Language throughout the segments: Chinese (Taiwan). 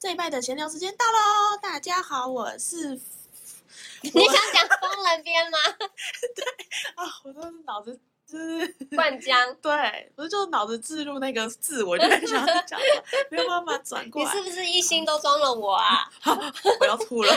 這一拜的閒聊時間到嘍！大家好，我是，我你想講“風人邊”嗎？ 對啊，我都是腦子就是灌漿，就是、冠江 對，不就腦子置入那個字，我就想講，沒有辦法轉過來。你是不是一心都裝了我啊？ 啊？我要吐了。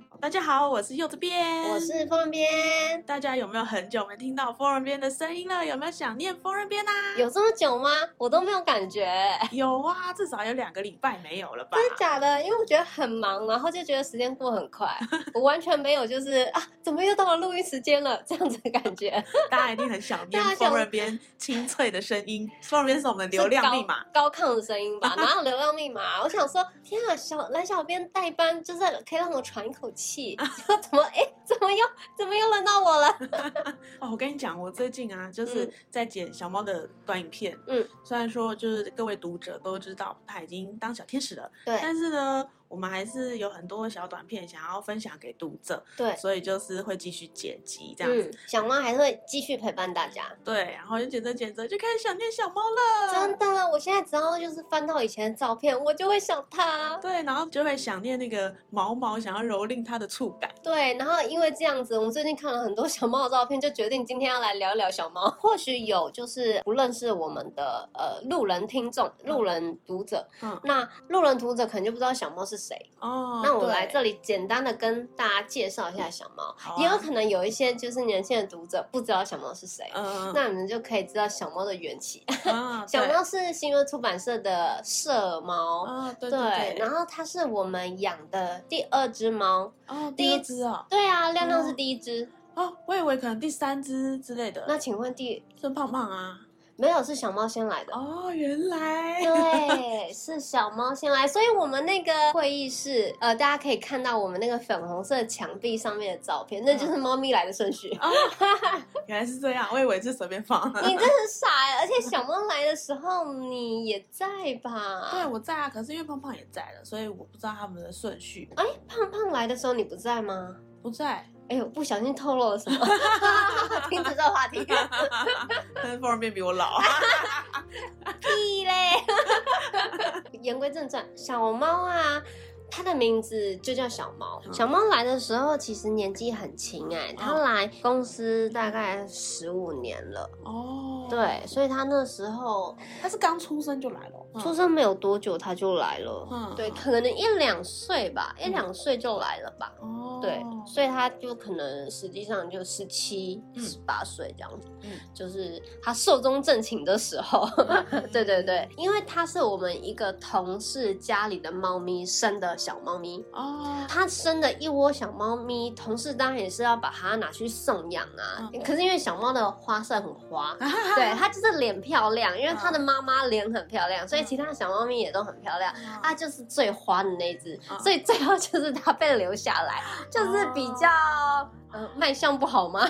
大家好，我是柚子編，我是鋒人編。大家有沒有很久沒聽到鋒人編的聲音了？有沒有想念鋒人編吶？有這麼久嗎？我都沒有感覺、欸。有啊，至少有兩個禮拜沒有了吧？真的假的？因為我覺得很忙，然後就覺得時間過很快， 我完全沒有，就是啊，怎麼又到了錄音時間了？這樣子的感覺。 大家一定很想念鋒人編清脆的聲音，鋒人編是我們流量密碼、高亢的聲音吧？哪有流量密碼？ 我想說，天啊，小藍小編代班，就是可以讓我喘一口氣。 怎麼？哎，怎麼又怎麼又輪到我了？哦 我跟你講，我最近啊，就是在剪小貓的短影片。嗯，雖然說就是各位讀者都知道，他已經當小天使了。對，但是呢。我們還是有很多小短片想要分享給讀者，對，所以就是會繼續剪輯這樣子。嗯，小貓還是會繼續陪伴大家，對，然後就剪着剪着就開始想念小貓了。真的，我現在只要就是翻到以前的照片，我就會想它。對，然後就會想念那個毛毛，想要蹂躪它的觸感。對，然後因為這樣子，我們最近看了很多小貓的照片，就決定今天要來聊一聊小貓。或許有就是不認識我們的呃路人聽眾、路人讀者，嗯，那路人讀者可能就不知道小貓是誰？哦，那我來這裡簡單的跟大家介紹一下小貓。也有、嗯啊、可能有一些就是年輕的讀者不知道小貓是誰，嗯嗯，那你們就可以知道小貓的緣起。哦、小貓是新月出版社的社貓。哦、對，對，對，對，然後它是我們養的第二隻貓。哦，第，隻哦、第一隻哦。對啊，亮亮是第一隻哦。哦，我以為可能第三隻之類的。那請問第真胖胖啊？沒有，是小貓先來的。哦，原來。對，是小貓先來，所以我們那個會議室，呃，大家可以看到我們那個粉紅色牆壁上面的照片，哦、那就是貓咪來的順序。哦、 原來是這樣，我以為是隨便放。你真是傻、欸，而且小貓來的時候你也在吧？ 對，我在啊。可是因為胖胖也在了，所以我不知道他們的順序。哎、欸，胖胖來的時候你不在嗎？不在。哎，呦、欸、不小心透露了什麼？ 停止這個話題。他的方便比我老。屁嘞！ 言歸正傳，小貓啊。他的名字就叫小貓。嗯、小貓來的時候其實年紀很輕哎、欸，哦、他來公司大概十五年了哦，對，所以他那時候他是剛出生就來了，出生沒有多久他就來了，嗯，對，嗯、可能一兩歲吧，嗯、一兩歲就來了吧，哦、嗯，對，所以他就可能實際上就十七、十八歲這樣子，嗯，就是他壽終正寢的時候， 對，對對對，因為他是我們一個同事家裡的貓咪生的。小貓咪哦，oh. 它生了一窩小貓咪，同事當然也是要把它拿去送養啊。Oh. 可是因為小貓的花色很花，oh. 對，它就是臉漂亮，因為它的媽媽臉很漂亮，oh. 所以其他小貓咪也都很漂亮。Oh. 它就是最花的那隻，oh. 所以最後就是它被留下來，就是比較。Oh. 嗯，賣相不好嗎？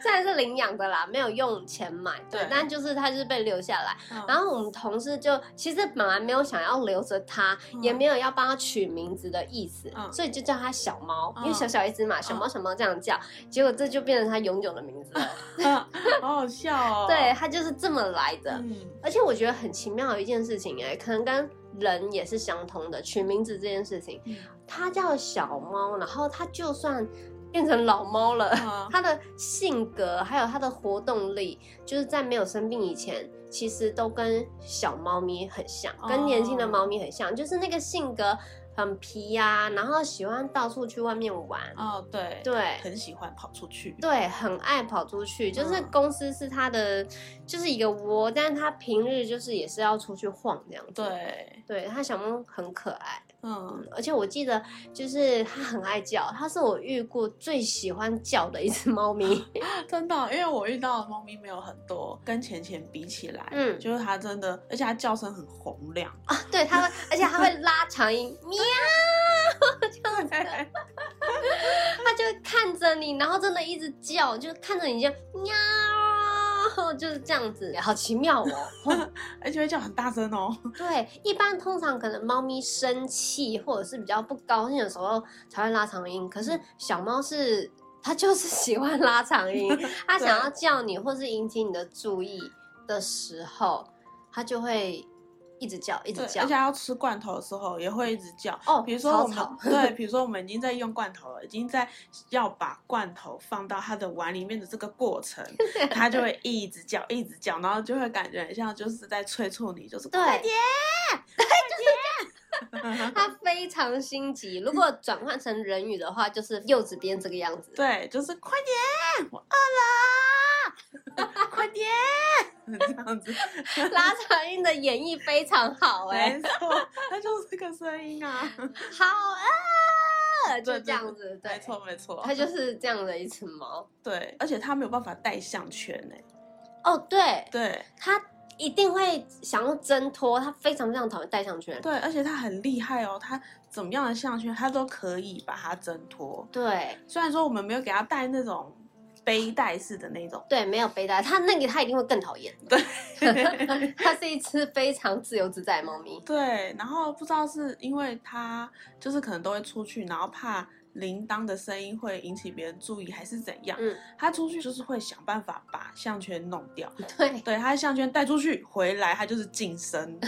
雖然是領養的啦，沒有用錢買，對，但就是它就是被留下來。然後我們同事就其實本來沒有想要留着它，也沒有要幫它取名字的意思，所以就叫它小貓，因為小小一隻嘛，小貓小貓這樣叫，結果這就變成它永久的名字了，好好笑哦！對，它就是這麼來的。嗯，而且我覺得很奇妙的一件事情，哎，可能跟人也是相同的，取名字這件事情，它叫小貓，然後它就算。變成老貓了，它、嗯、的性格還有它的活動力，就是在沒有生病以前，其實都跟小貓咪很像，哦、跟年輕的貓咪很像，就是那個性格很皮呀、啊，然後喜歡到處去外面玩。哦，對對，很喜歡跑出去。對，很愛跑出去，就是公司是它的、嗯、就是一個窩，但是它平日就是也是要出去晃這樣子。對對，它小貓很可愛。嗯，而且我記得就是它很愛叫，它是我遇過最喜歡叫的一隻貓咪。 真的，因為我遇到的貓咪沒有很多，跟錢錢比起來，嗯，就是它真的，而且它叫聲很洪亮啊。對，它會，而且它會拉長音， 喵，這樣子。它就看着你，然後真的一直叫，就看着你就喵。 就是這樣子，好奇妙哦，而且、欸、會叫很大聲哦。對，一般通常可能貓咪生氣或者是比較不高興的時候才會拉長音，可是小貓是它就是喜歡拉長音，它想要叫你 對或是引起你的注意的時候，它就會。一直叫，一直叫，而且要吃罐頭的時候也會一直叫。哦，oh, 比如說我們草草對，比如說我們已經在用罐頭了，已經在要把罐頭放到它的碗裡面的這個過程， 它就會一直叫，一直叫，然後就會感覺很像就是在催促你，就是快點，快點。他非常心急，如果轉換成人語的話，就是柚子編這個樣子。對，就是快點，我餓了，快點，這樣子。拉長音的演繹非常好，哎，沒錯，它就是個聲音啊，好餓，就這樣子，對，沒錯沒錯，他就是這樣的一隻貓，對，而且他沒有辦法戴項圈哦，對對，它。一定會想要掙脫，它非常非常討厭戴項圈。對，而且它很厲害哦，它怎麼樣的項圈它都可以把它掙脫。對，雖然說我們沒有給它戴那種背帶式的那種。對，沒有背帶，它那個它一定會更討厭。對，它 是一隻非常自由自在的貓咪。對，然後不知道是因為它就是可能都會出去，然後怕。鈴鐺的聲音會引起別人注意，還是怎樣？嗯、他出去就是會想辦法把項圈弄掉。對，對，他項圈帶出去，回來他就是晉升。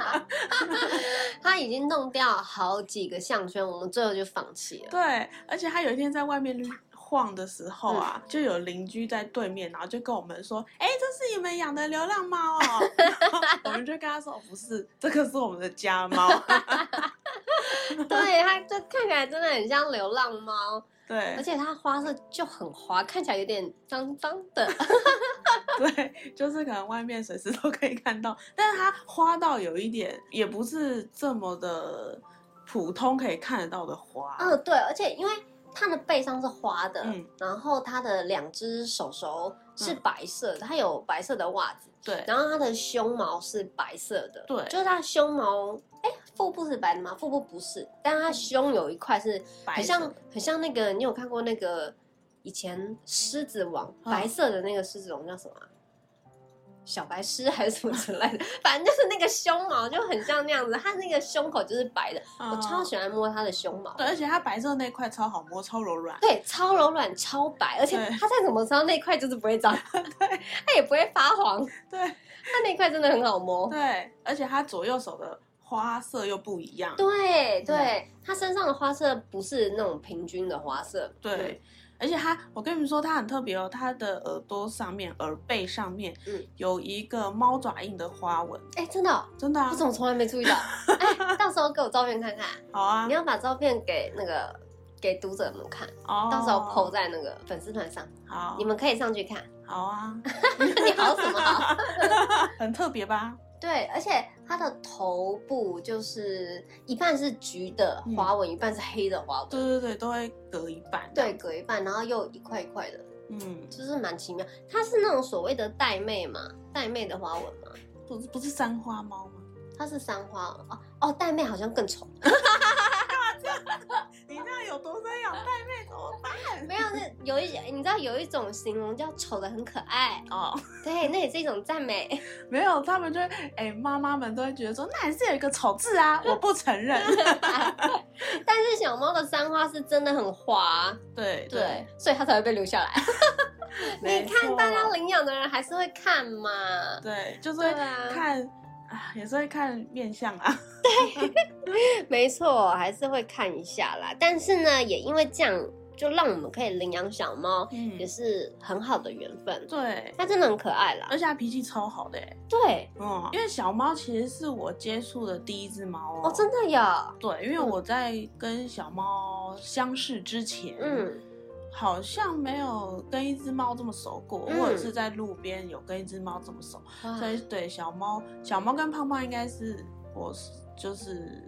他已經弄掉好幾個項圈，我們最後就放棄了。對，而且他有一天在外面晃的時候啊，嗯、就有鄰居在對面，然後就跟我們說：“哎、欸，這是你們養的流浪貓哦。” 我們就跟他說：“不是，這個是我們的家貓。 ” 對它，這看起來真的很像流浪貓。對，而且它花色就很花，看起來有點髒髒的。 對，就是可能外面隨時都可以看到，但是它花到有一點，也不是這麼的普通可以看得到的花。嗯，對，而且因為它的背上是花的，嗯、然後它的兩隻手手是白色的，它、嗯、有白色的襪子，對，然後它的胸毛是白色的，對，就是它胸毛。腹部是白的嗎？腹部不是，但它胸有一塊是，很像白色的很像那個，你有看過那個以前獅子王、哦、白色的那個獅子王叫什麼、啊？小白獅還是什麼之類的，反正 就是那個胸毛就很像那樣子，它那個胸口就是白的，哦、我超喜歡摸它的胸毛，對，而且它白色那塊超好摸，超柔軟，對，超柔軟，超白，而且它在什麼時候那塊就是不會髒，它對 也不會發黃，對，它那塊真的很好摸，對，而且它左右手的。花色又不一樣，對對，他身上的花色不是那種平均的花色，對，而且他，我跟你們說，他很特別哦，他的耳朵上面、耳背上面，嗯，有一個貓爪印的花紋，哎，真的，真的啊，是我從來沒注意到，哎，到時候給我照片看看，好啊，你要把照片給那個給讀者們看，到時候 PO 在那個粉絲團上，好，你們可以上去看，好啊，你好什麼？很特別吧？對，而且它的頭部就是一半是橘的花紋，嗯、一半是黑的花紋。對對對，都會隔一半。對，隔一半，然後又一塊一塊的，嗯，就是蠻奇妙。它是那種所謂的玳瑁嘛，玳瑁的花紋嘛，不不是三花貓嗎？它是三花哦哦，玳瑁好像更醜。 有多養贊美怎麼辦？沒有，那有一，你知道有一種形容叫醜的很可愛哦。Oh. 對，那也是一種讚美。 沒有，他們就哎，媽媽們都會覺得說，那還是有一個醜字啊， 我不承認。 但是小貓的三花是真的很滑，對對，對，所以它才會被留下來。 錯你看，大家領養的人還是會看嘛。對，就是看。也是會看面相啊，對， 沒錯，還是會看一下啦。但是呢，也因為這樣，就讓我們可以領養小貓，嗯、也是很好的緣分。對，它真的很可愛啦，而且他脾氣超好的、欸。對，哦、嗯，因為小貓其實是我接觸的第一隻貓、喔、哦，真的呀。對，因為我在跟小貓相識之前，嗯。好像沒有跟一隻貓這麼熟過，嗯、或者是在路邊有跟一隻貓這麼熟。嗯、所以對小貓，小貓跟胖胖應該是我就是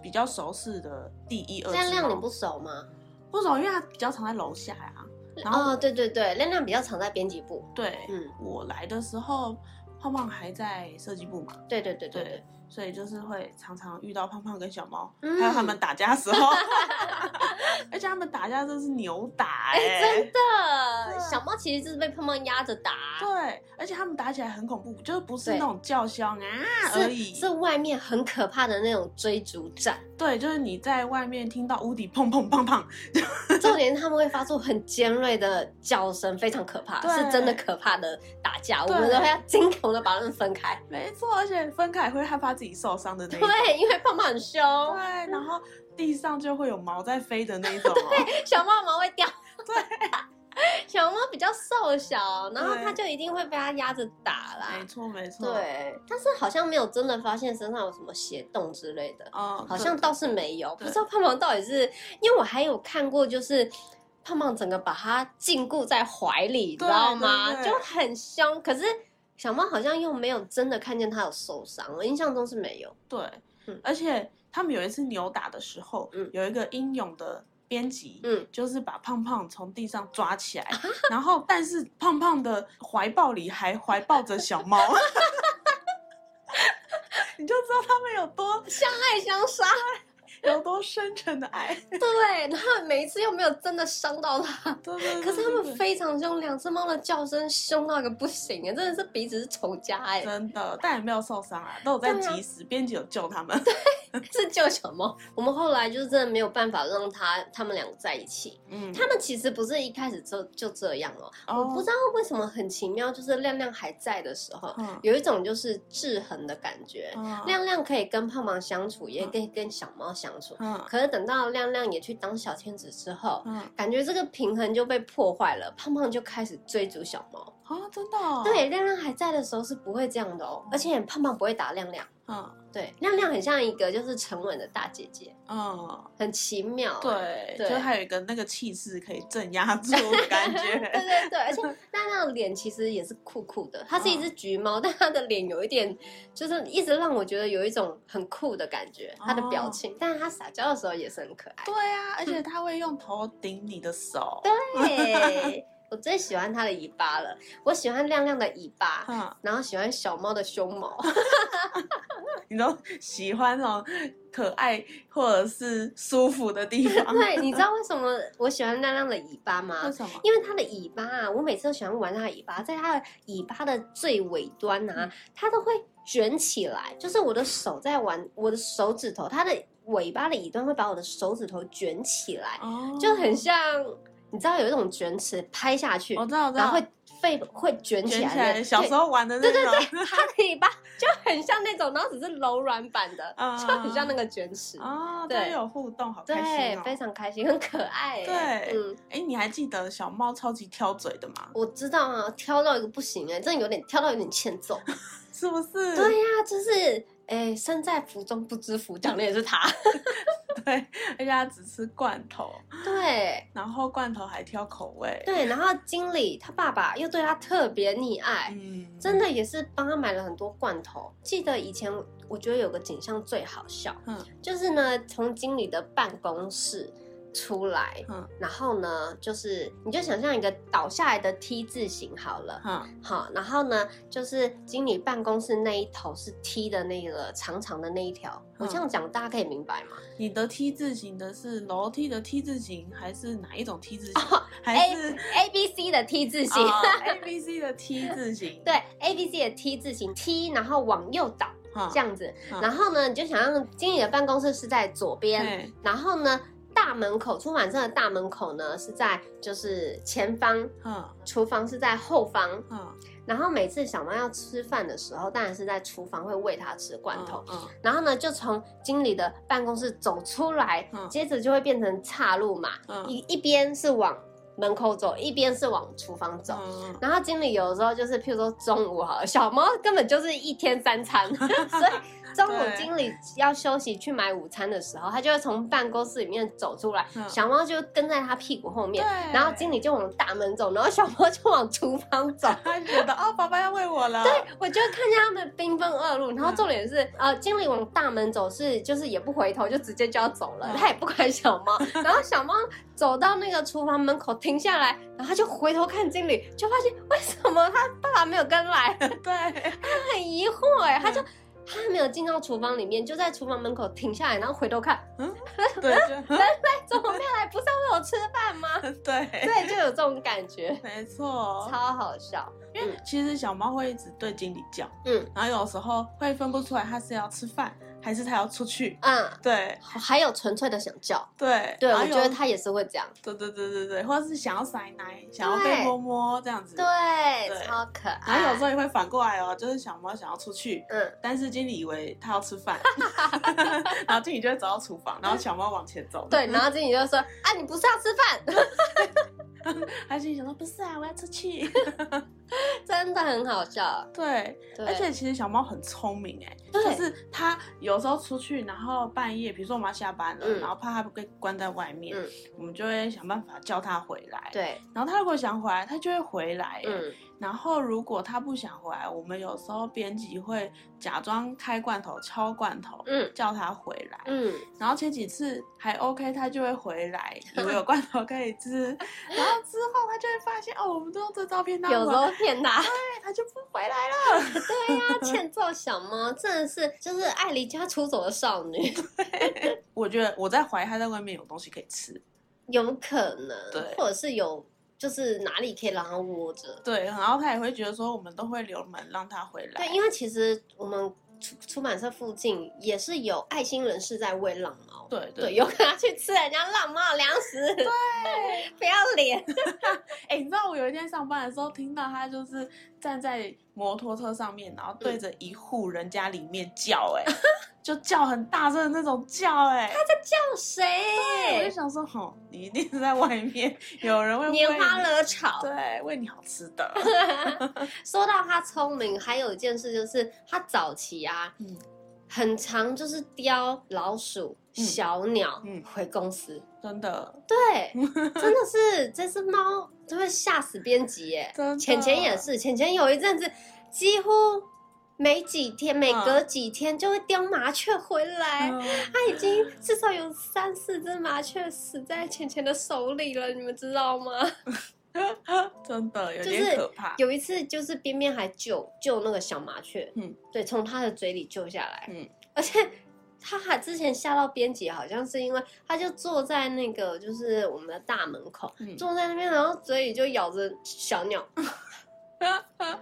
比較熟識的第一、二隻貓。亮亮你不熟嗎？不熟，因為它比較常在樓下呀、啊。然後、哦，對對對，亮亮比較常在編輯部。對，嗯，我來的時候，胖胖還在設計部嘛？對，對對對對。對對對。所以就是會常常遇到胖胖跟小貓，嗯、還有他們打架時候， 而且他們打架都是扭打、欸，哎、欸，真的，對小貓其實就是被胖胖壓着打，對，而且他們打起來很恐怖，就是不是那種叫囂對啊而已是，是外面很可怕的那種追逐戰。對，就是你在外面聽到屋底砰砰砰砰，就重點是他們會發出很尖銳的叫聲，非常可怕，對是真的可怕的打架，對我們都會要驚恐的把它們分開。沒錯，而且分開會害怕自己受傷的那種。對，因為胖胖很凶。對，然後地上就會有毛在飛的那種喔。對，小貓毛會掉。對。小貓比較瘦小，然後它就一定會被它壓着打啦。沒錯，沒錯。沒錯。對，但是好像沒有真的發現身上有什麼血洞之類的哦，好像倒是沒有。對對對，不知道胖胖到底是因為我還有看過，就是胖胖整個把它禁錮在懷裡，你知道嗎？就很凶，可是小貓好像又沒有真的看見它有受傷，我印象中是沒有。對，嗯，而且他們有一次扭打的時候，嗯，有一個英勇的。編輯，嗯，就是把胖胖從地上抓起來，然後，但是胖胖的懷抱裡還懷抱着小貓， 你就知道他們有多相愛相殺。 有多深沉的愛， 對，然後他每一次又沒有真的傷到他。 對，對，對，對，可是他們非常兇，兩隻貓的叫聲兇到一個不行啊，真的是彼此是仇家哎，真的，但也沒有受傷啊，都有在及時，啊、編輯有救他們， 對，是救小貓。我們後來就是真的沒有辦法讓他，他們兩個在一起。嗯，他們其實不是一開始就就這樣哦。嗯、我不知道為什麼很奇妙，就是亮亮還在的時候，嗯、有一種就是制衡的感覺，嗯、亮亮可以跟胖胖相處，嗯、也可以跟小貓相。嗯，可是等到亮亮也去當小天使之後，嗯，感覺這個平衡就被破壞了，胖胖就開始追逐小貓。啊、哦，真的、哦！對，亮亮還在的時候是不會這樣的哦，嗯、而且胖胖不會打亮亮。嗯，對，亮亮很像一個就是沉穩的大姐姐，嗯，很奇妙，欸。對，對就還有一個那個氣勢可以鎮壓住的感覺。 對對對，而且亮亮的臉其實也是酷酷的，它是一隻橘貓，嗯，但她的臉有一點，就是一直讓我覺得有一種很酷的感覺，嗯、她的表情。但是它撒嬌的時候也是很可愛。對啊，而且她會用頭頂你的手。 對。我最喜歡它的尾巴了，我喜歡亮亮的尾巴，嗯、然後喜歡小貓的胸毛。 你都喜歡那種可愛或者是舒服的地方。 對，你知道為什麼我喜歡亮亮的尾巴嗎？為什麼？因為它的尾巴啊，我每次都喜歡玩它的尾巴，在它的尾巴的最尾端啊，它都會卷起來，就是我的手在玩我的手指頭，它的尾巴的尾端會把我的手指頭卷起來，哦、就很像。你知道有一種捲尺，拍下去，然後會飛，會捲起來。小時候玩的那種，對對對，它可以吧，就很像那種，然後只是柔軟版的，就很像那個捲尺。哦，對，有互動，好開心哦。對，非常開心，很可愛。對，嗯，哎，你還記得小貓超級挑嘴的嗎？我知道啊，挑到一個不行哎，真的有點挑到有點欠揍，是不是？對呀，就是哎，身在福中不知福，講的也是他。對，而且他只吃罐頭，對，然後罐頭還挑口味，對，然後經理他爸爸又對他特別溺愛，嗯，真的也是幫他買了很多罐頭。記得以前我覺得有個景象最好笑，嗯，就是呢，從經理的辦公室。出來，然後呢，就是你就想象一個倒下來的 T 字型好了。嗯，好，然後呢，就是經理辦公室那一頭是 T 的那個長長的那一條。我這樣講，大家可以明白嗎？你的 T 字型的是樓梯的 T 字型，還是哪一種 T 字型？還是 A B C 的 T 字型。A B C 的 T 字型對，A B C 的 T 字型。T 然後往右倒，這樣子。然後呢，你就想象經理的辦公室是在左邊，然後呢。大門口，出版社的大門口呢，是在就是前方，嗯、廚房是在後方，嗯、然後每次小貓要吃飯的時候，當然是在廚房會餵它吃罐頭，嗯嗯、然後呢就從經理的辦公室走出來，嗯、接着就會變成岔路嘛，嗯、一一邊是往。門口走，一邊是往廚房走，然後經理有的時候，就是，譬如說中午好，小貓根本就是一天三餐，所以中午經理要休息去買午餐的時候，他就會從辦公室裡面走出來，小貓就跟在他屁股後面，然後經理就往大門走，然後小貓就往廚房走，他就覺得哦，爸爸要餵我了。對，我就看見他們兵分二路，然後重點是，呃，經理往大門走是就是也不回頭，就直接就要走了，他也不管小貓，然後小貓。走到那個廚房門口停下來，然後他就回頭看經理，就發現為什麼他爸爸沒有跟來，對，他很疑惑哎，嗯、他就他沒有進到廚房裡面，就在廚房門口停下來，然後回頭看，嗯，對，來來，怎麼沒來？不是要為我吃飯嗎？對對，就有這種感覺，沒錯，哦，超好笑，因為其實小貓會一直對經理叫，嗯，然後有時候會分不出來，它是要吃飯，還是他要出去，嗯，對，還有純粹的想叫，對對，我覺得他也是會這樣，對對對對對，或者是想要塞奶，想要被摸摸這樣子，對，超可愛。然後有時候也會反過來哦，就是小貓想要出去，嗯，但是經理以為他要吃飯，然後經理就會走到廚房，然後小貓往前走，對，然後經理就說：“啊，你不是要吃飯？” 他心想說不是啊，我要出去， 真的很好笑，啊。對，對而且其實小貓很聰明哎，就對是它有時候出去，然後半夜，比如說我們下班了，嗯、然後怕它被關在外面，嗯、我們就會想辦法叫它回來。對，然後它如果想回來，它就會回來。嗯然後如果他不想回來，我們有時候編輯會假裝開罐頭、敲罐頭，嗯，叫他回來，嗯。然後前幾次還 OK，他就會回來，以為有罐頭可以吃。 然後之後他就會發現，哦，我們都用這照片有時候騙他，他就不回來了。 對呀、啊，欠揍小貓，真的是就是愛離家出走的少女 對。我覺得我在懷疑他在外面有東西可以吃，有可能，對，或者是有。就是哪裡可以讓它窩着，對，然後它也會覺得說我們都會留門讓它回來。對，因為其實我們出出版社附近也是有愛心人士在餵浪貓，對對，有可能去吃人家浪貓的糧食，對， 不要臉臉。哎、 欸，你知道我有一天上班的時候聽到他就是站在。摩托車上面，然後對着一戶人家裡面叫、欸，哎、嗯， 就叫很大聲的那種叫、欸，哎，他在叫誰，對？我就想說，好、哦，你一定是在外面有人會餵你，拈花惹草，對，餵你好吃的。 說到他聰明，還有一件事就是他早期啊，嗯。很常，就是叼老鼠、小鳥回公司，嗯嗯、真的，對，真的是這隻貓就會嚇死編輯耶。的淺淺也是，淺淺有一陣子幾乎每幾天，每隔幾天就會叼麻雀回來，他、啊、已經至少有三四隻麻雀死在淺淺的手裡了，你們知道嗎？ 真的有點可怕。有一次，就是邊邊還救救那個小麻雀，嗯，對，從它的嘴裡救下來，嗯，而且它還之前嚇到編輯，好像是因為他就坐在那個，就是我們的大門口，嗯、坐在那邊，然後嘴裡就咬着小鳥，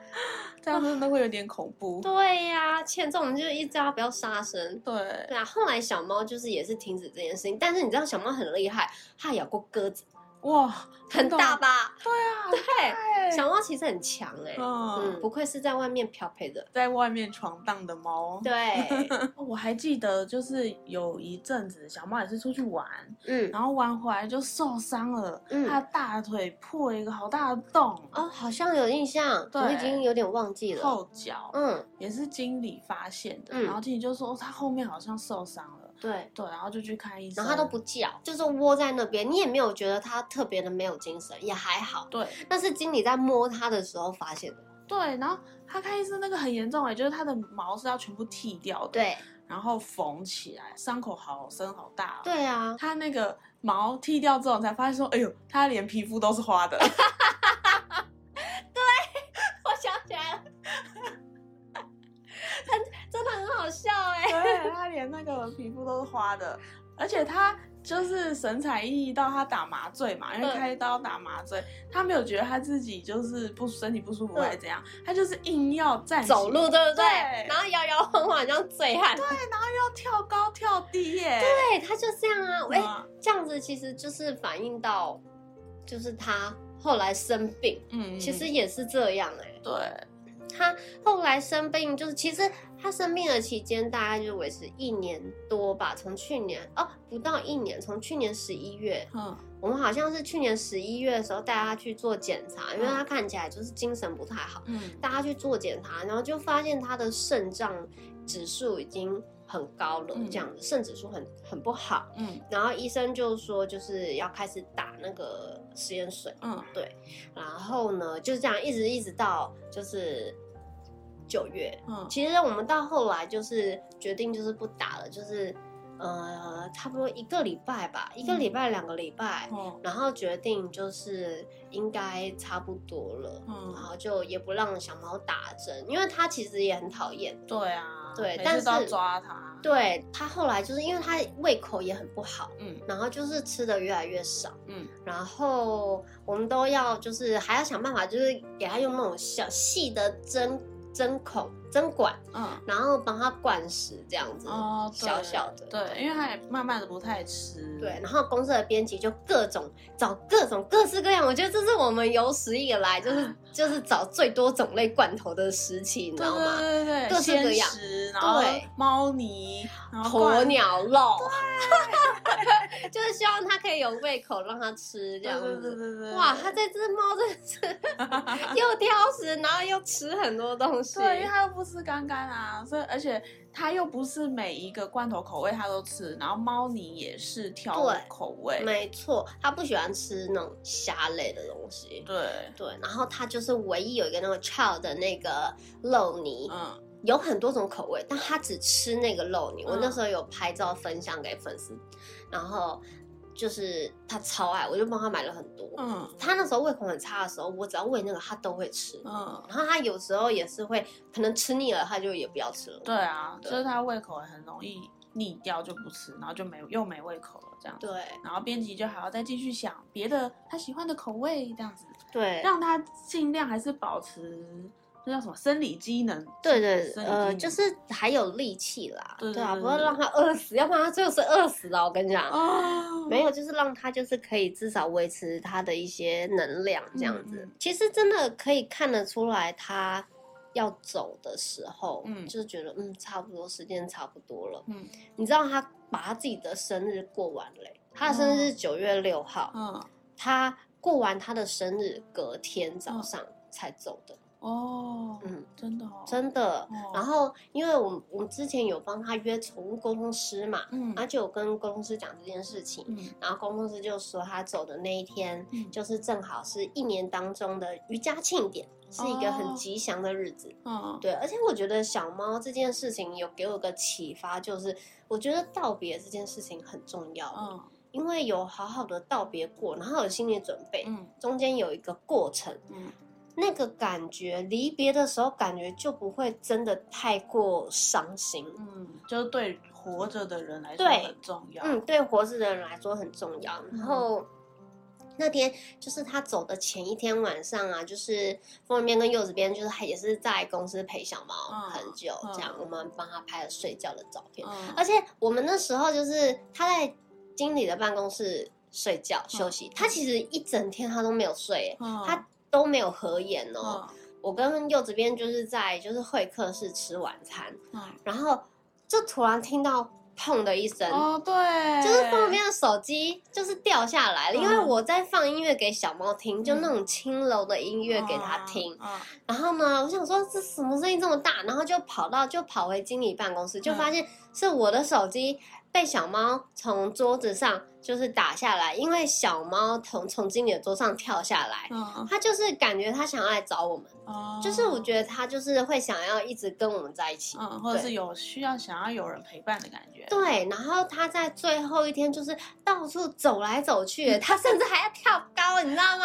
這樣子都會有點恐怖。 對呀、啊，欠揍！我們就一直叫牠不要殺生。對，對啊。後來小貓就是也是停止這件事情，但是你知道小貓很厲害，它咬過鴿子。哇，很大吧？對啊，對，小貓其實很強哎，嗯，不愧是在外面漂泊的，在外面闖蕩的貓。對，我還記得，就是有一陣子小貓也是出去玩，嗯，然後玩回來就受傷了，嗯，它的大腿破了一個好大的洞。哦，好像有印象，對，我已經有點忘記了。後腳，嗯，也是經理發現的，然後經理就說他後面好像受傷了。對對，然後就去看醫生，然後它都不叫，就是窩在那邊，你也沒有覺得它特別的沒有精神，也還好。對。但是經理在摸它的時候發現的。對，然後他看醫生那個很嚴重哎，就是它的毛是要全部剃掉的。對。然後縫起來，傷口好深好大哦。對啊。他那個毛剃掉之後才發現說，哎呦，他連皮膚都是花的。哈哈哈！對，我想起來了。他。真的很好笑哎、欸！對，他連那個皮膚都是花的， 而且他就是神采奕奕到他打麻醉嘛，對因為開刀打麻醉，他沒有覺得他自己就是不身體不舒服還是怎樣，對他就是硬要站走路，對不對？對然後搖搖晃晃像醉漢，對，然後又要跳高跳低耶、欸，對，他就這樣啊！哎麼、欸，這樣子其實就是反映到，就是他後來生病，嗯，其實也是這樣哎、欸。對，他後來生病就是其實。他生病的期間大概就維持一年多吧，從去年哦，不到一年，從去年十一月，嗯，我們好像是去年十一月的時候帶他去做檢查，因為他看起來就是精神不太好，嗯，帶他去做檢查，然後就發現他的腎臟指數已經很高了，嗯、這樣子腎指數很很不好，嗯，然後醫生就說就是要開始打那個食鹽水，嗯，對，然後呢就是這樣一直一直到就是。九月，嗯，其實我們到後來就是決定就是不打了，就是，呃，差不多一個禮拜吧，嗯、一個禮拜兩個禮拜，嗯、然後決定就是應該差不多了，嗯，然後就也不讓小貓打針，因為它其實也很討厭，對啊，對，但是抓它，對，它後來就是因為它胃口也很不好，嗯，然後就是吃的越來越少，嗯，然後我們都要就是還要想辦法，就是給它用那種小細的針。針孔。針管，嗯，然後幫他灌食這樣子，哦，小小的，對，因為他也慢慢的不太吃，對，然後公司的編輯就各種找各種各式各樣，我覺得這是我們有史以來就是就是找最多種類罐頭的時期，你知道嗎？對對對，各式各樣，對，貓泥、鴕鳥肉，對，就是希望它可以有胃口，讓它吃這樣子，對對對對，哇，它這隻貓真是又挑食，然後又吃很多東西，對，因為他不不是乾乾啊，所以而且他又不是每一個罐頭口味他都吃，然後貓泥也是挑口味，對，沒錯，他不喜歡吃那種蝦類的東西，對對，然後他就是唯一有一個那種俏的那個肉泥，嗯，有很多種口味，但他只吃那個肉泥，我那時候有拍照分享給粉絲，然後。就是他超愛，我就幫他買了很多。嗯，他那時候胃口很差的時候，我只要餵那個，他都會吃。嗯，然後他有時候也是會，可能吃膩了，他就也不要吃了。對啊，所以對他胃口很容易膩掉就不吃，然後就沒又沒胃口了這樣子。對，然後編輯就還要再繼續想別的他喜歡的口味這樣子。對，讓他盡量還是保持。那叫什麼生理機能？對對，呃，就是還有力氣啦。對啊，不要讓他餓死，要不然他最後是餓死的。我跟你講，哦，沒有，就是讓他就是可以至少維持他的一些能量這樣子。其實真的可以看得出來，他要走的時候，嗯，就是覺得嗯，差不多時間差不多了。嗯，你知道他把他自己的生日過完嘞，他生日是九月六號，嗯，他過完他的生日，隔天早上才走的。哦，嗯，真的哦，真的。然後，因為我我之前有幫他約寵物溝通師嘛，嗯，而且我跟溝通師講這件事情，嗯，然後溝通師就說，他走的那一天，嗯，就是正好是一年當中的瑜伽慶典，是一個很吉祥的日子，嗯，對。而且我覺得小貓這件事情有給我個啟發，就是我覺得道別這件事情很重要，嗯，因為有好好的道別過，然後有心理準備，嗯，中間有一個過程，嗯。那個感覺，離別的時候感覺就不會真的太過傷心。嗯，就是對活着的人來說很重要。嗯，對活着的人來說很重要。嗯、然後那天就是他走的前一天晚上啊，就是楓面楓編跟柚子編，就是也是在公司陪小貓很久，嗯、這樣、嗯、我們幫他拍了睡覺的照片。嗯、而且我們那時候就是他在經理的辦公室睡覺、嗯、休息，他其實一整天他都沒有睡，嗯、他。都沒有合眼哦，嗯、我跟柚子編就是在就是會客室吃晚餐，嗯、然後就突然聽到砰的一聲，哦對，就是旁邊的手機就是掉下來了，嗯、因為我在放音樂給小貓聽，就那種輕柔的音樂給它聽，嗯嗯嗯、然後呢，我想說這什麼聲音這麼大，然後就跑到就跑回經理辦公室，嗯、就發現是我的手機。被小貓從桌子上就是打下來，因為小貓從從經理的桌上跳下來，嗯、它就是感覺它想要來找我們，嗯、就是我覺得它就是會想要一直跟我們在一起，嗯、對或者是有需要想要有人陪伴的感覺。對，然後它在最後一天就是到處走來走去，它甚至還要跳高， 你知道嗎？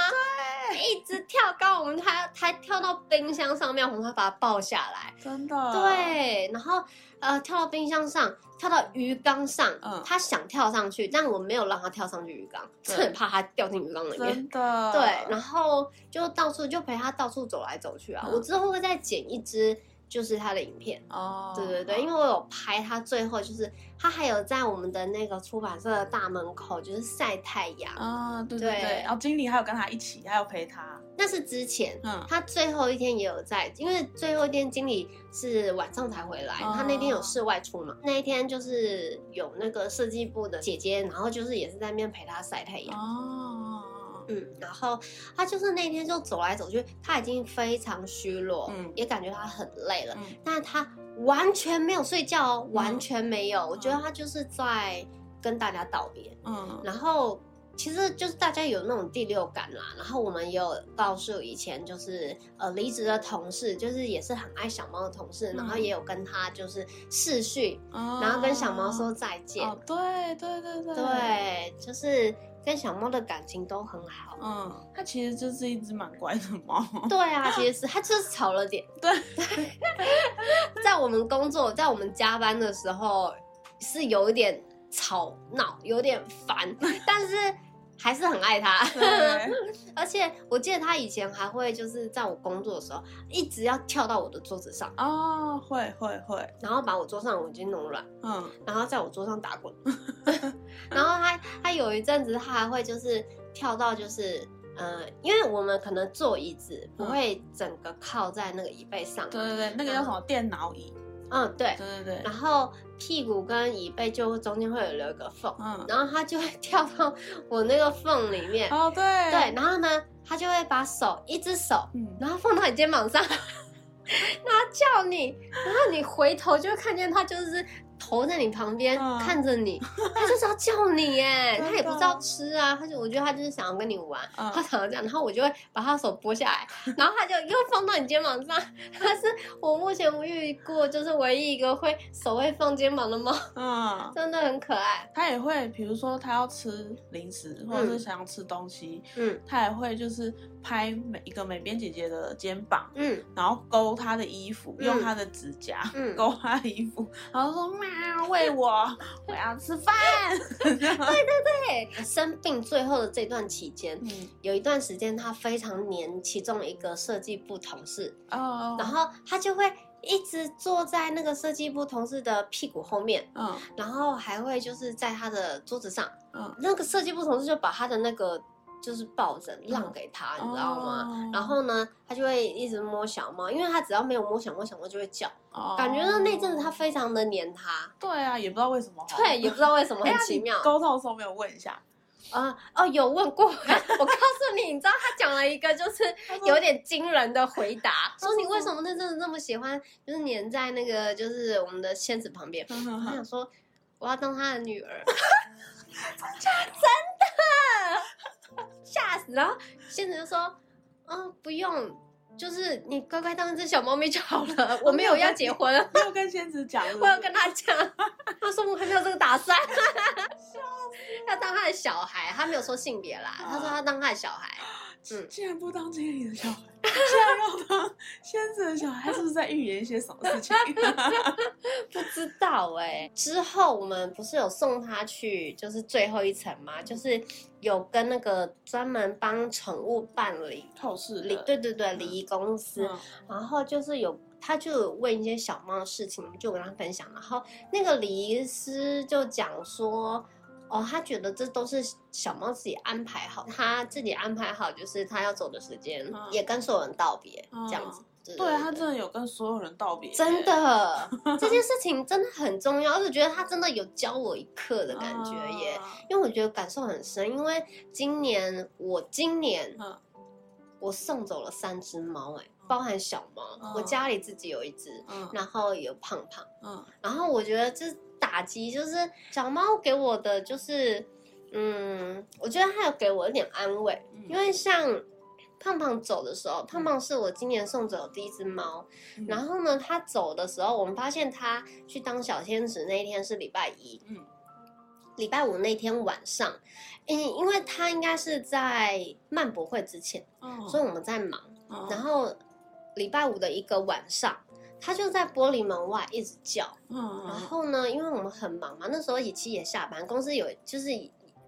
一直跳高，我們還他跳到冰箱上面，我們會把他抱下來，真的。對，然後呃，跳到冰箱上，跳到魚缸上，嗯、他想跳上去，但我沒有讓他跳上去魚缸，真的很怕他掉進魚缸裡面。真的。對，然後就到處就陪他到處走來走去啊。嗯、我之後會再撿一隻。就是他的影片哦，oh. 對對對，因為我有拍他最後，就是他還有在我們的那個出版社的大門口，就是曬太陽啊，oh, 對對對，對然後經理還有跟他一起，還有陪他，那是之前，嗯，他最後一天也有在，因為最後一天經理是晚上才回來，他那天有事外出嘛，oh. 那一天就是有那個設計部的姐姐，然後就是也是在那邊陪他曬太陽哦。Oh. 嗯，然後他就是那天就走來走去，他已經非常虛弱，嗯，也感覺他很累了，但、嗯、但他完全沒有睡覺、哦，嗯、完全沒有。嗯、我覺得他就是在跟大家道別，嗯，然後其實就是大家有那種第六感啦。嗯、然後我們也有告訴以前就是呃離職的同事，就是也是很愛小貓的同事，嗯、然後也有跟他就是視訊，嗯、然後跟小貓說再見。哦、對對對對，對，就是。跟小貓的感情都很好。嗯，它其實就是一隻蠻乖的貓。對啊，其實是，它就是吵了點。 對對， 在我們工作，在我們加班的時候，是有一點吵鬧，有點煩，但是。還是很愛他，對 而且我記得他以前還會就是在我工作的時候，一直要跳到我的桌子上啊，哦，會會會，然後把我桌上已金弄亂，嗯，然後在我桌上打滾， 然後他他有一陣子他還會就是跳到就是呃，因為我們可能坐椅子不會整個靠在那個椅背上，對對對，後那個叫什麼電腦椅。嗯，對對對，對，然後屁股跟椅背，就會中間會有留一個縫，嗯，然後它就會跳到我那個縫裡面，哦對，對，然後呢，它就會把手，一隻手，嗯，然後放到你肩膀上，嗯、 然後叫你，然後你回頭就會看見它就是。頭在你旁邊、嗯、看着你，他就是要叫你哎， 的他也不知道吃啊，他就我覺得他就是想要跟你玩，嗯、他想要這樣，然後我就會把他手撥下來，然後他就又放到你肩膀上，他是我目前遇過就是唯一一個會手會放肩膀的貓，啊、嗯，真的很可愛。他也會，比如說他要吃零食或者是想要吃東西，嗯，他也會就是拍每一個美編姐姐的肩膀，嗯，然後勾她的衣服，用她的指甲，嗯，勾她的衣服，然後說。啊！喂 我，我要吃飯。 對對對，生病最後的這段期間，有一段時間他非常黏其中一個設計部同事。然後他就會一直坐在那個設計部同事的屁股後面。然後還會就是在他的桌子上。那個設計部同事就把他的那個。就是抱枕、嗯、讓給他，你知道嗎？哦、然後呢，他就會一直摸小貓，因為他只要沒有摸小貓，摸小貓就會叫。哦、感覺到那陣子他非常的黏他。對啊，也不知道為什麼。對，也不知道為什麼，很奇妙。哎、高少的時候沒有問一下。啊、嗯、哦，有問過。 我告訴你，你知道他講了一個就是有點驚人的回答， 說你為什麼那陣子那麼喜歡，就是黏在那個就是我們的仙子旁邊？他、嗯、想說，我要當他的女兒。 真,的真的。然後仙子就說：“哦，不用，就是你乖乖當一隻小貓咪就好了。我沒有要結婚。沒，沒有跟仙子講，我有跟他講。 他說我還沒有這個打算，要 當他的小孩。他沒有說性別啦，他說他當他的小孩。”既然不當經理的小孩，嗯、既然要當仙子的小孩， 還是不是在預言一些什麼事情？ 不知道哎、欸。之後我們不是有送他去，就是最後一層嘛，嗯、就是有跟那個專門幫寵物辦理，後事的，對對對，禮儀、嗯、公司。嗯、然後就是有，他就問一些小貓的事情，就跟他分享。然後那個禮儀師就講說。哦，他覺得這都是小貓自己安排好，他自己安排好，就是他要走的時間，也跟所有人道別，這樣子。對，他真的有跟所有人道別，真的這件事情真的很重要，而且覺得他真的有教我一課的感覺耶，因為我覺得感受很深，因為今年我今年，我送走了三只貓，哎，包含小貓，我家裡自己有一只，然後有胖胖，嗯，然後我覺得這。打擊就是小貓給我的就是，嗯，我覺得他有給我一點安慰，嗯、因為像胖胖走的時候，胖胖是我今年送走的第一隻貓，嗯、然後呢，它走的時候，我們發現它去當小天使那一天是禮拜一，嗯，禮拜五那天晚上，嗯、欸，因為他應該是在漫博會之前，哦、所以我們在忙，哦、然後禮拜五的一個晚上。他就在玻璃門外一直叫，然後呢，因為我們很忙嘛，那時候以七也下班，公司有就是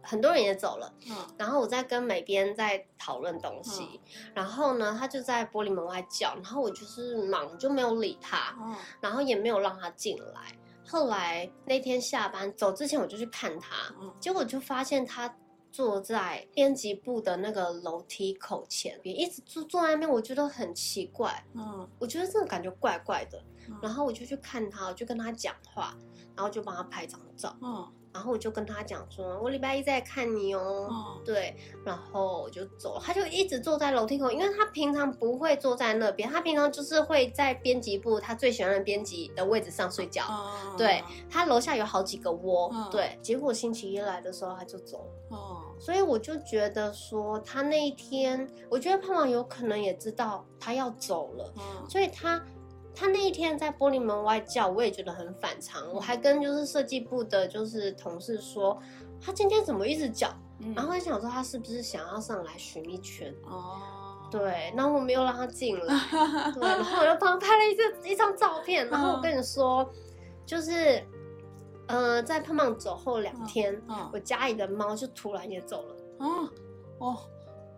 很多人也走了，然後我在跟美編在討論東西，然後呢，他就在玻璃門外叫，然後我就是忙就沒有理他，然後也沒有讓他進來。後來那天下班走之前我就去看他，結果就發現他。坐在編輯部的那個樓梯口前邊，一直坐坐在那邊，我覺得很奇怪，嗯，我覺得這個感覺怪怪的，嗯、然後我就去看他，我就跟他講話，然後就幫他拍張照，嗯。然後我就跟他講說，我禮拜一再看你哦。嗯、對，然後我就走，他就一直坐在樓梯口，因為他平常不會坐在那邊，他平常就是會在編輯部他最喜歡的編輯的位置上睡覺。哦、嗯，對，他樓下有好幾個窩。嗯、對，結果星期一來的時候他就走了。哦、嗯，所以我就覺得說，他那一天，我覺得胖胖有可能也知道他要走了，嗯、所以他。他那一天在玻璃門外叫，我也覺得很反常。我還跟就是設計部的，就是同事說，他今天怎麼一直叫？嗯、然後我想說他是不是想要上來巡一圈？哦、嗯，對，然後我沒有讓他進來 對，然後我就幫他拍了一張 一張照片。然後我跟你說，就是，呃，在胖胖走後兩天，嗯嗯、我家裡的貓就突然也走了。嗯、哦，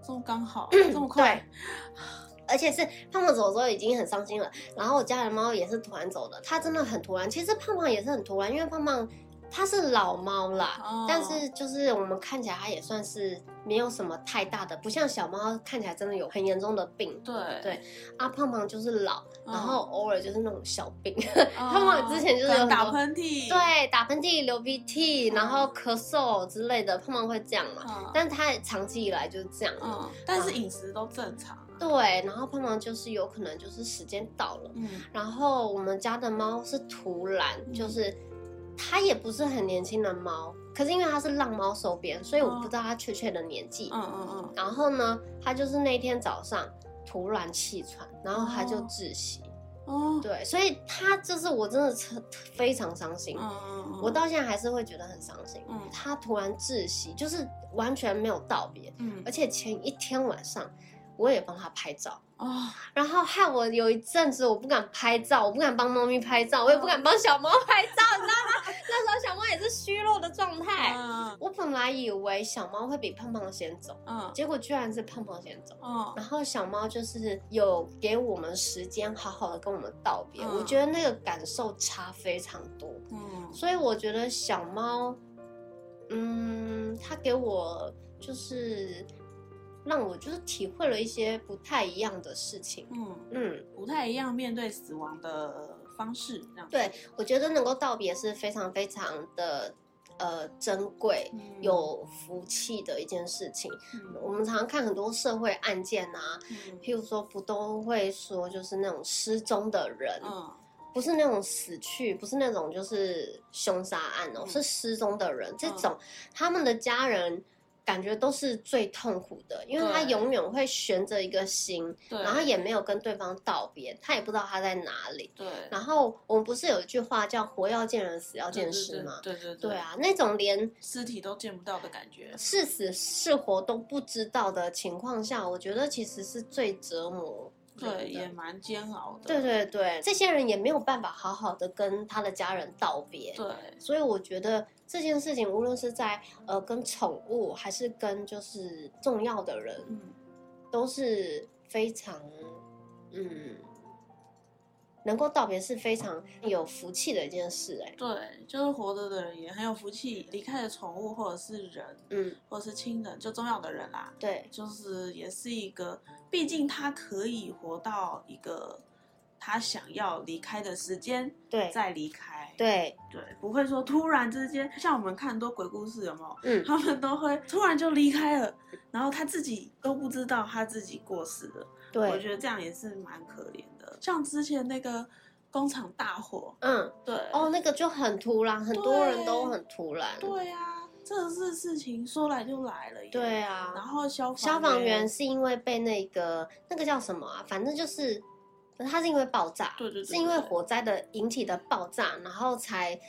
這麼剛好，這麼快。嗯對而且是胖胖走的時候已經很傷心了，然後我家的貓也是突然走的，它真的很突然。其實胖胖也是很突然，因為胖胖它是老貓啦，oh. 但是就是我們看起來它也算是沒有什麼太大的，不像小貓看起來真的有很嚴重的病。對對，啊胖胖就是老，然後偶爾就是那種小病。oh. 呵呵。胖胖之前就是有打噴嚏，對，打噴嚏、流鼻涕，然後咳嗽之類的，胖胖會這樣嘛？Oh. 但是它長期以來就是這樣。Oh. 然後，但是飲食都正常。對，然後胖胖就是有可能就是時間到了，嗯，然後我們家的貓是突然，嗯、就是它也不是很年輕的貓，可是因為它是浪貓收編，所以我不知道它確切的年紀，哦、然後呢，它就是那一天早上突然氣喘，然後它就窒息，哦，對，所以它就是我真的非常傷心，嗯嗯嗯，我到現在還是會覺得很傷心，嗯，它突然窒息，就是完全沒有道別，嗯，而且前一天晚上。我也幫他拍照哦，oh. 然後害我有一陣子我不敢拍照，我不敢幫貓咪拍照，oh. 我也不敢幫小貓拍照，oh. 你知道嗎？ 那時候小貓也是虛弱的狀態。Oh. 我本來以為小貓會比胖胖先走，嗯，oh. 結果居然是胖胖先走。嗯，oh. 然後小貓就是有給我們時間好好的跟我們道別，oh. 我覺得那個感受差非常多。嗯，oh. 所以我覺得小貓，嗯，它給我就是。讓我就是體會了一些不太一樣的事情，嗯嗯，嗯，不太一樣面對死亡的方式。這樣子，對、嗯、我覺得能夠道別是非常非常的呃珍貴、嗯、有福氣的一件事情。嗯、我們常常看很多社會案件啊，嗯、譬如說不都會說就是那種失蹤的人，嗯、不是那種死去，不是那種就是兇殺案哦，嗯、是失蹤的人，嗯、這種他們的家人，感覺都是最痛苦的，因為他永遠會懸着一個心，對然後也沒有跟對方道別，他也不知道他在哪裡。對，然後我們不是有一句話叫“活要見人，死要見屍”嗎？對對，對對對，對啊，那種連屍體都見不到的感覺，是死是活都不知道的情況下，我覺得其實是最折磨。對，也蠻煎熬的。對對對，這些人也沒有辦法好好的跟他的家人道別。對，所以我覺得這件事情，無論是在呃跟寵物，還是跟就是重要的人，嗯、都是非常嗯。能夠道別是非常有福氣的一件事，欸，哎，對，就是活着的人也很有福氣，離開了寵物或者是人，嗯，或者是親人，就重要的人啦，對，就是也是一個，畢竟他可以活到一個他想要離開的時間，對，再離開，對對，不會說突然之間，像我們看很多鬼故事有沒有，嗯，他們都會突然就離開了，然後他自己都不知道他自己過世了，對，我覺得這樣也是蠻可憐的。像之前那個工廠大火，嗯，對，哦，那個就很突然，對很多人都很突然，對呀，啊，真的是事情說來就來了，對啊，然後消防消防員是因為被那個那個叫什麼啊，反正就是，他是因為爆炸，對對，對對對，是因為火災的引起的爆炸，然後才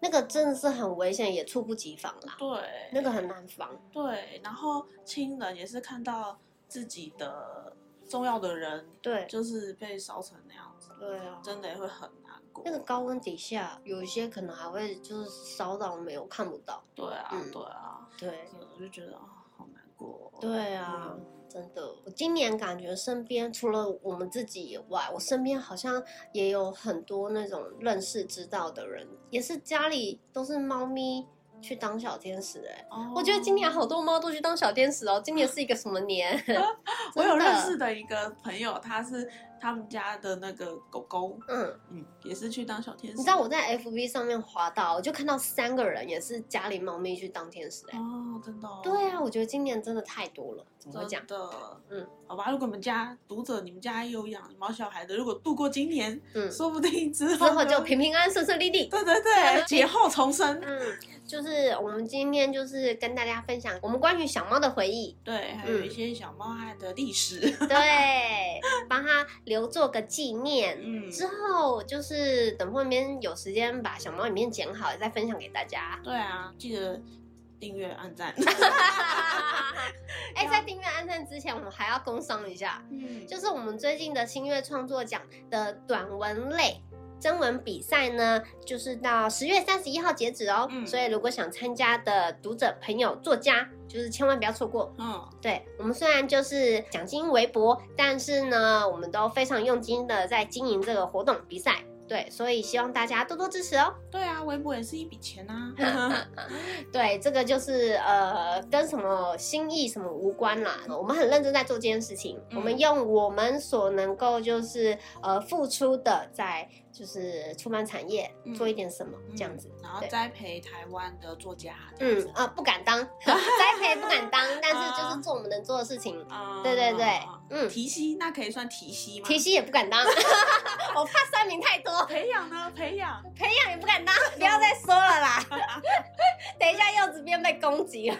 那個真的是很危險，也猝不及防啦，啊，對，那個很難防，對，然後親人也是看到自己的。重要的人，對，就是被燒成那樣子，對啊，真的也會很難過。那個高溫底下，有一些可能還會就是燒到沒有看不到，對啊，嗯、對啊，對，我就覺得好難過。對啊、嗯，真的。我今年感覺身邊除了我們自己以外，我身邊好像也有很多那種認識知道的人，也是家裡都是貓咪。去當小天使哎，oh. 我覺得今年好多貓都去當小天使哦。今年是一個什麼年？ 我有認識的一個朋友，他是。他們家的那個狗狗，嗯,嗯也是去當小天使、嗯。你知道我在 FB 上面滑到，我就看到三個人也是家裡貓咪去當天使、欸。哦，真的、哦。對啊，我覺得今年真的太多了。怎麼講的？嗯，好吧，如果我們家讀者，你們家,你們家有養貓小孩的，如果度過今年，嗯，說不定之後,之後就平平安安、順順利利。對對對，劫後重生。嗯，就是我們今天就是跟大家分享我們關於小貓的回憶，對，還有一些小貓愛的歷史。嗯、 對，幫他留。留做個紀念，嗯，之後就是等後面有時間把小貓影片剪好再分享給大家。對啊，記得訂閱、按讚。哎，在訂閱、按讚之前，我們還要工商一下，嗯，就是我們最近的新月創作獎的短文類徵文比賽呢，就是到十月三十一號截止哦。嗯，所以如果想參加的讀者朋友、作家。就是千萬不要錯過。嗯，對，我們雖然就是獎金微薄，但是呢，我們都非常用心的在經營這個活動比賽。對，所以希望大家多多支持哦。對啊，微薄也是一筆錢啊。 對，這個就是呃，跟什麼心意什麼無關啦。嗯、我們很認真在做這件事情，嗯、我們用我們所能夠就是呃付出的，在就是出版產業、嗯、做一點什麼這樣子，嗯、然後栽培台灣的作家。對嗯啊、呃，不敢當， 栽培不敢當，但是就是做我們能做的事情。嗯、對對對。嗯嗯，提攜那可以算提攜嗎？提攜也不敢當， 我怕酸民太多。培養呢？培養，培養也不敢當，不要再說了啦。 等一下柚子便被攻擊了。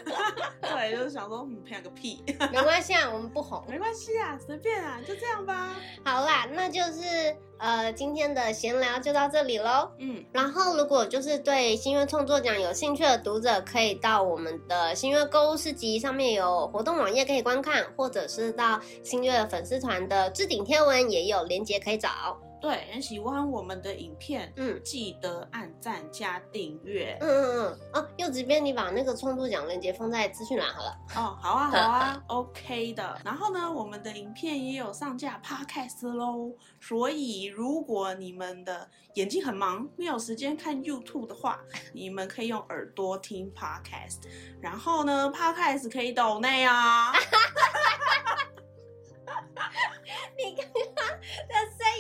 對， 就是想說你培養個屁。沒關係啊，我們不紅。沒關係啊，隨便啊，就這樣吧。好啦，那就是。呃，今天的閒聊就到這裡嘍。嗯，然後如果就是對新月創作獎有興趣的讀者，可以到我們的新月購物市集，上面有活動網頁可以觀看，或者是到新月粉絲團的置頂貼文也有鏈接可以找。對，很喜歡我們的影片，嗯，記得按讚加訂閱，嗯嗯嗯，哦，柚子編，你把那個創作獎鏈接放在資訊欄好了，哦，好啊，好啊 ，OK 的。然後呢，我們的影片也有上架 Podcast 嘍，所以如果你們的眼睛很忙，沒有時間看 YouTube 的話，你們可以用耳朵聽 Podcast。然後呢，Podcast 可以抖內啊。 你。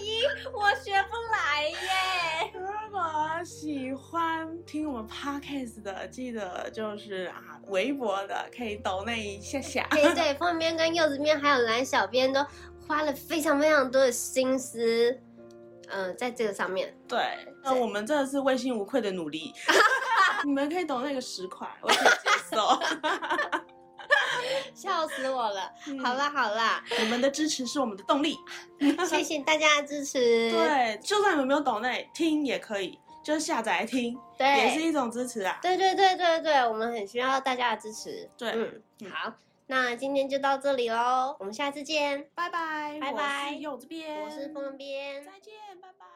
我學不來耶。如果喜歡聽我們 podcast 的，記得就是啊，微薄的可以抖內一下下。對對，風編跟柚子編還有藍小編都花了非常非常多的心思，嗯、呃，在這個上面對。對那我們真的是問心無愧的努力。 你們可以抖內個十塊，我可以接受，。 笑死我了！好了，嗯、好了，你們的支持是我們的動力， 謝謝大家的支持。對，就算你們沒有抖內聽也可以，就是下載來聽，對，也是一種支持啊。對對對對對，我們很需要大家的支持。對，嗯，好，嗯、那今天就到這裡嘍，我們下次見，拜拜，拜拜。我是柚子邊，我是方便，再見，拜拜。